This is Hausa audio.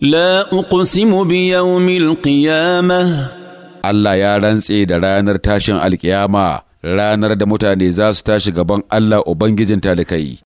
لا أقسم بيوم القيامة Allah ya rantse da ranar tashin alkiyama ranar da mutane za su tashi gaban Allah Ubangijin talikai.